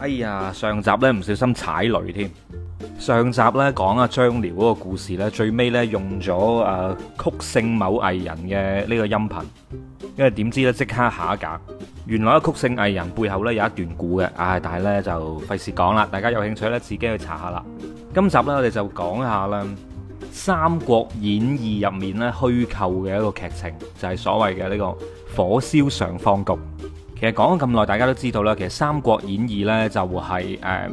哎呀，上集咧唔小心踩雷添。上集咧講阿張遼嗰個故事咧，最尾咧用咗誒、呃、曲聖某藝人嘅呢個音頻，因為點知咧即刻下架。原來曲聖藝人背後咧有一段故嘅，唉、啊，但係咧就費事講啦，大家有興趣咧自己去查下啦。今集咧我哋就講下啦，《三國演義》入面咧虛構嘅一個劇情，就係、是、所謂嘅呢個火燒上方谷。其實講咗咁耐，大家都知道啦。其實《三國演義》呢，就係誒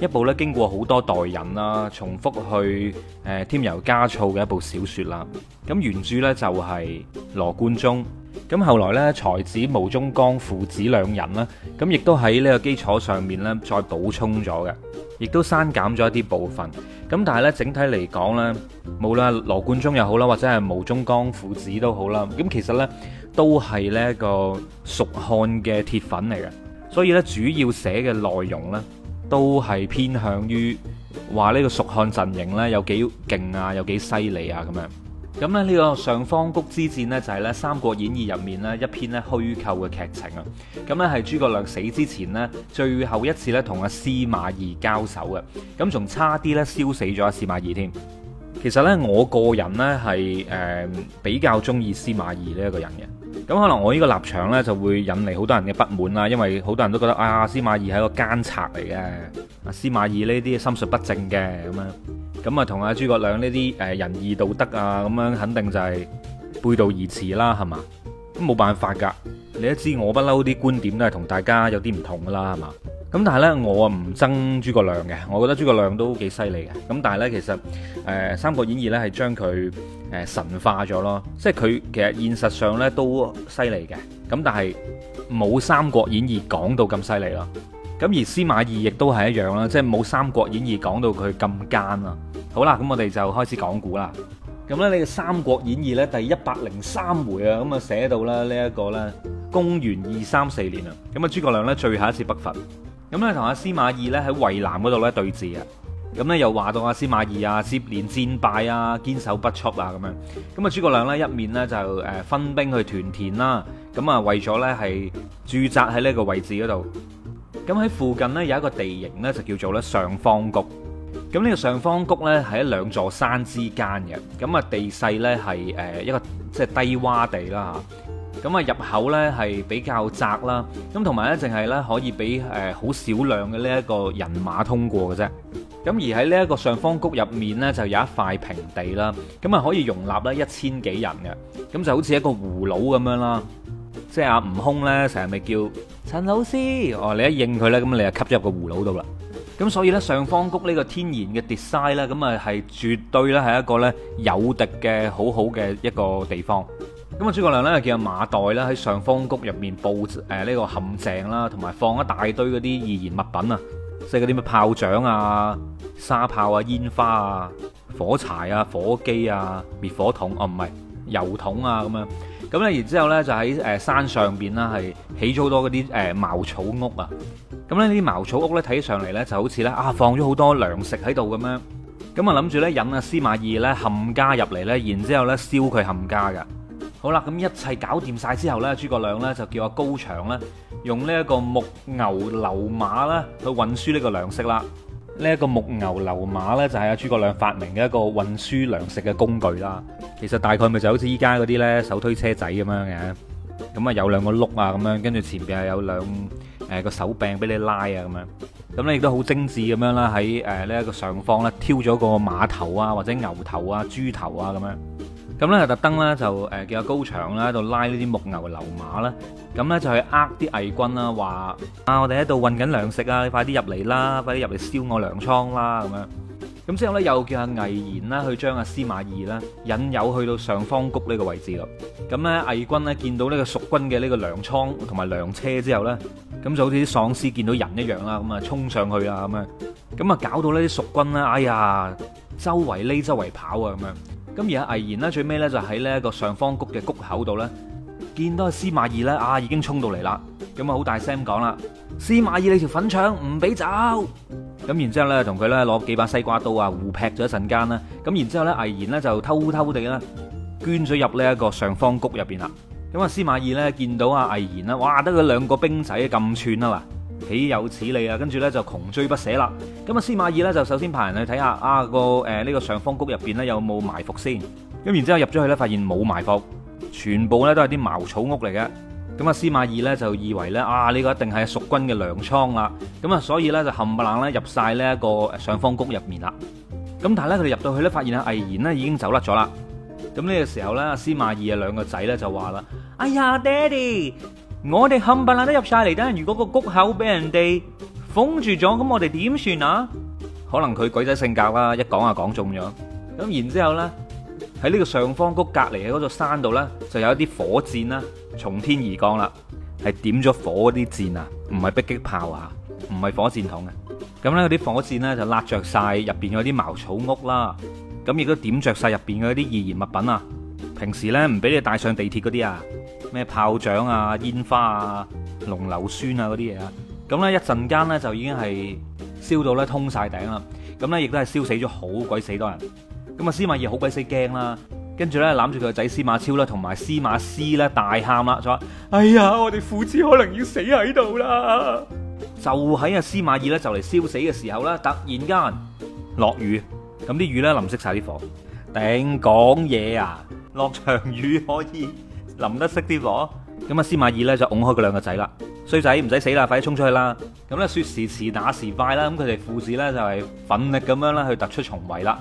一部咧經過好多代人啦重複去誒添油加醋嘅一部小說啦。咁原著呢，就係羅貫中，咁後來呢，才子毛宗崗父子兩人啦，咁亦都喺呢個基礎上面呢，再補充咗嘅。亦都刪減咗一啲部分，咁但係咧整體嚟講咧，無論羅貫中又好啦，或者係毛宗崗父子都好啦，咁其實咧都係呢個蜀漢嘅鐵粉嚟嘅，所以咧主要寫嘅內容咧都係偏向於話呢個蜀漢陣營咧有幾勁啊，有幾犀利啊咁樣。咁咧呢個上方谷之戰呢，就係呢《三國演義》入面呢一篇呢虛構嘅劇情啊，咁呢係諸葛亮死之前呢，最後一次呢同阿、啊、司馬懿交手嘅，咁仲差啲呢燒死咗阿、啊、司馬懿添。其實呢，我個人呢係誒、呃、比較中意司馬懿呢一個人嘅，咁可能我呢個立場呢，就會引嚟好多人嘅不滿啦，因為好多人都覺得啊司馬懿係一個奸賊嚟嘅，阿司馬懿呢啲心術不正嘅咁樣。咁啊，同阿諸葛亮呢啲誒仁義道德啊，咁樣肯定就係背道而馳啦，係嘛？咁冇辦法噶，你都知我不嬲啲觀點都係同大家有啲唔同噶啦，係嘛？咁但係呢，我唔憎諸葛亮嘅，我覺得諸葛亮都幾犀利嘅。咁但係呢，其實誒、呃《三國演義》呢係將佢誒神化咗咯，即係佢其實現實上呢都犀利嘅。咁但係冇《三國演義》講到咁犀利咯。咁而司馬懿亦都係一樣啦，即係冇《三國演義》講到佢咁奸啊。好啦，咁我哋就開始講古啦。咁咧呢個《三國演義》呢咧第一百零三回啊，咁啊寫到啦呢一個咧公元二三四年啊，咁啊諸葛亮咧最後一次北伐，咁咧同阿司馬懿咧喺渭南嗰度咧對峙啊。咁咧又話到阿司馬懿啊接連戰敗啊堅守不出啊咁樣。咁啊諸葛亮呢，一面呢，就誒分兵去屯田啦，咁啊為咗咧係駐紮喺呢個位置嗰度。咁喺附近呢，有一個地形咧就叫做咧上方谷。咁呢個上方谷咧，係喺兩座山之間嘅。咁啊地勢咧係誒一個即係低窪地啦嚇。咁啊入口咧係比較窄啦。咁同埋咧淨係咧可以俾誒好少量嘅呢一個人馬通過嘅啫。咁而喺呢一個上方谷入面咧就有一塊平地啦。咁啊可以容納咧一千幾人嘅。咁就好似一個葫蘆咁樣啦。即係阿悟空咧成日咪叫陳老師，哦你一應佢咧，咁你就吸咗入個葫蘆度啦。咁所以呢，上方谷呢個天然嘅 design 呢，咁啊係絕對呢係一個呢有敵嘅好好嘅一個地方。咁啊，諸葛亮呢，叫阿馬岱呢喺上方谷入面佈誒呢個陷阱啦，同埋放一大堆嗰啲易燃物品啊，即係嗰啲咩炮仗啊、沙炮啊、煙花啊、火柴啊、火機啊、滅火筒啊，唔係油桶啊咁樣。咁呢，然之後呢，就喺誒山上邊啦，係起咗好多嗰啲誒茅草屋啊。咁呢啲茅草屋咧睇上嚟咧就好似咧啊放咗好多糧食喺度咁樣，咁啊諗住咧引阿司馬懿咧冚家入嚟咧，然之後咧燒佢冚家噶。好啦，咁一切搞掂曬之後咧，諸葛亮咧就叫阿高翔咧用呢一個木牛流馬呢，去運輸呢個糧食啦。呢一個木牛流馬咧就係阿諸葛亮發明嘅一個運輸糧食嘅工具啦。其實大概咪就好似依家嗰啲咧手推車仔咁樣嘅。咁啊，有兩個碌啊，咁樣，跟住前邊啊有兩誒個手柄俾你拉啊，咁樣，咁咧亦都好精致咁樣啦，喺誒呢一個上方咧挑咗個馬頭啊，或者牛頭啊、豬頭啊咁樣，咁咧特登咧就誒叫個高牆啦，喺度拉呢啲木牛流馬啦，咁咧就去呃啲魏軍啦，話啊我哋喺度運緊糧食啊，你快啲入嚟啦，快啲入嚟燒我糧倉啦，咁樣。咁之後咧，又叫阿、啊、魏延啦、啊，去將阿、啊、司馬懿啦引誘去到上方谷呢個位置咯。咁、嗯、咧，魏軍咧見到呢個蜀軍嘅呢個糧倉同埋糧車之後咧，咁、嗯、就好似啲喪屍見到人一樣啦，咁啊衝上去啊咁樣，咁啊搞到咧呢啲蜀軍咧，哎呀，周圍匿周圍跑啊咁樣。咁而家、啊、魏延呢最尾咧就喺呢個上方谷嘅谷口度咧，見到阿、啊、司馬懿咧啊已經衝到嚟啦，咁啊好大聲講啦：司馬懿你條粉腸唔俾走！咁然之後咧，同佢咧攞幾把西瓜刀啊，互劈咗一陣間啦。咁然之後咧，魏延咧就偷偷地咧，捐咗入呢一個上方谷入邊啦。咁啊，司馬懿咧見到啊魏延啦，哇，得佢兩個兵仔咁串啊嘛，豈有此理啊！跟住咧就窮追不捨啦。咁啊，司馬懿咧就首先派人去睇下啊個誒呢個上方谷入邊咧有冇埋伏先。咁然之後入咗去咧，發現冇埋伏，全部咧都係啲茅草屋嚟嘅。咁啊，司馬懿咧就以為咧啊，呢個一定係蜀軍嘅糧倉啦。咁啊，所以咧就冚唪唥咧入晒呢一個上方谷入面啦。咁但係咧佢哋入到去咧，發現阿魏延咧已經走甩咗啦。咁呢個時候咧，司馬懿啊兩個仔咧就話啦：哎呀，爹哋，我哋冚唪唥都入晒嚟，等人如果個谷口俾人哋封住咗，咁我哋點算啊？可能佢鬼仔性格啦，一講啊講中咗。咁然之後咧。喺呢個上方谷隔離嘅嗰座山度呢，就有一啲火箭啦、啊，從天而降啦，係點咗火嗰啲箭啊，唔係迫擊炮啊，唔係火箭筒嘅、啊。咁呢啲火箭呢，就焫着晒入邊嗰啲茅草屋啦，咁亦都點着晒入邊嗰啲易燃物品啊。平時呢，唔俾你帶上地鐵嗰啲啊，咩炮仗啊、煙花啊、濃硫酸啊嗰啲嘢啊，咁呢，一陣間呢，就已經係燒到呢通晒頂啦，咁呢，亦都係燒死咗好鬼死多人。咁啊，司馬懿好鬼死驚啦，跟住咧攬住佢個仔司馬超啦，同埋司馬師呢，大喊啦，就話：哎呀，我哋父子可能要死喺度啦！就喺啊司馬懿咧就嚟燒死嘅時候啦，突然間落雨，咁啲雨咧淋熄晒啲火。頂講嘢啊！落場雨可以淋得熄啲火。咁啊，司馬懿咧就拱開佢兩個仔啦，衰仔唔使死啦，快啲衝出去啦！咁咧說時遲打時快啦，咁佢哋父子咧就係奮力咁樣啦去突出重圍啦。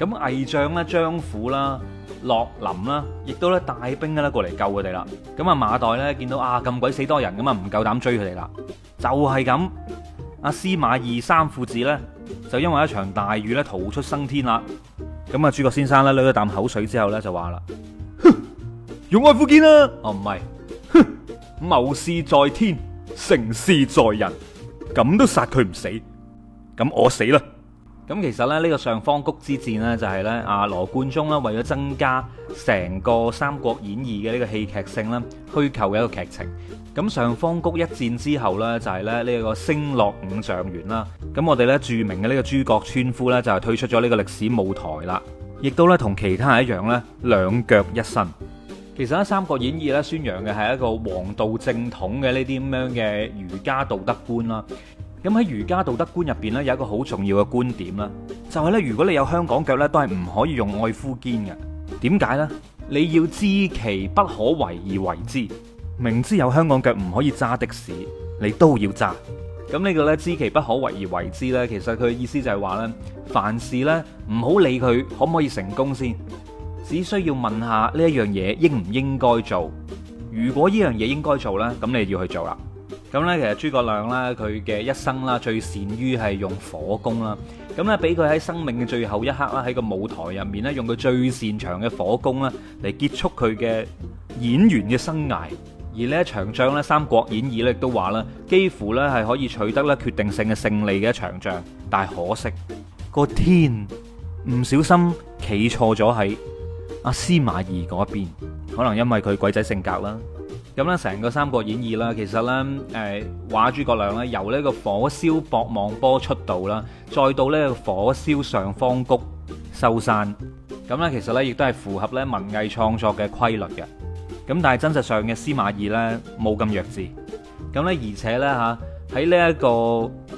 咁魏將啦、張虎啦、樂林啦，亦都咧帶兵嘅咧過嚟救佢哋啦。咁啊馬岱咧見到啊咁鬼死多人，咁啊唔夠膽追佢哋啦。就係咁，阿司馬懿三父子咧就因為一場大雨咧逃出生天啦。咁啊諸葛先生咧捋咗啖口水之後咧就話啦：勇愛附堅啦。哦唔係，謀事在天，成事在人，咁都殺佢唔死，咁我死啦。咁其實咧，呢個上方谷之戰呢，就係呢阿羅貫中啦，為咗增加成個《三國演義》嘅呢個戲劇性咧，虛構嘅一個劇情。咁上方谷一戰之後呢，這個，就係咧呢個星落五丈原啦。咁我哋呢，著名嘅呢個諸葛村夫呢，就係退出咗呢個歷史舞台啦。亦都呢，同其他人一樣呢，兩腳一伸。其實咧，《三國演義》呢，宣揚嘅係一個王道正統嘅呢啲咁樣嘅儒家道德觀啦。咁喺儒家道德觀入邊咧，有一個好重要嘅觀點啦，就係咧，如果你有香港腳咧，都係唔可以用愛夫肩嘅。點解呢？你要知其不可為而為之。明知有香港腳唔可以揸的士，你都要揸。咁呢個咧，知其不可為而為之咧，其實佢意思就係話咧，凡事咧唔好理佢可唔可以成功先，只需要問下呢一樣嘢應唔應該做。如果呢樣嘢應該做咧，咁你就要去做啦。咁咧，其實諸葛亮啦，佢嘅一生啦，最善於係用火攻啦。咁咧，俾佢喺生命嘅最後一刻啦，喺個舞台入面咧，用佢最擅長嘅火攻啦，嚟結束佢嘅演員嘅生涯。而呢一場仗咧，《三國演義》咧亦都話啦，幾乎咧係可以取得咧決定性嘅勝利嘅一場仗，但係可惜個天唔小心企錯咗喺阿司馬懿嗰邊，可能因為佢鬼仔性格啦。咁咧，成個《三國演義》啦，其實咧，誒話諸葛亮咧，由呢個火燒博望坡出道啦，再到呢個火燒上方谷收山，咁咧其實咧亦都係符合咧文藝創作嘅規律嘅。咁但係真實上嘅司馬懿咧冇咁弱智，咁咧而且咧嚇喺呢一個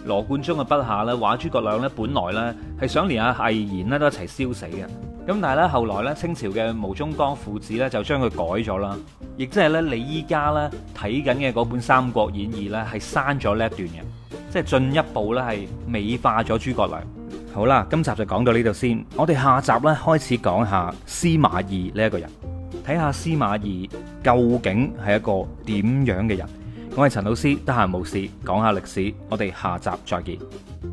羅貫中嘅筆下咧，話諸葛亮咧，本來咧係想連阿魏延咧都一齊燒死嘅。咁但係咧，後來咧，清朝嘅毛宗崗父子咧就將佢改咗啦，亦即係咧，你依家咧睇緊嘅嗰本《三國演義》咧係刪咗呢一段嘅，即係進一步咧係美化咗諸葛亮。好啦，今集就講到呢度先，我哋下集咧開始講下司馬懿呢一個人，睇下司馬懿究竟係一個點樣嘅人。我係陳老師，得閒無事講下歷史，我哋下集再見。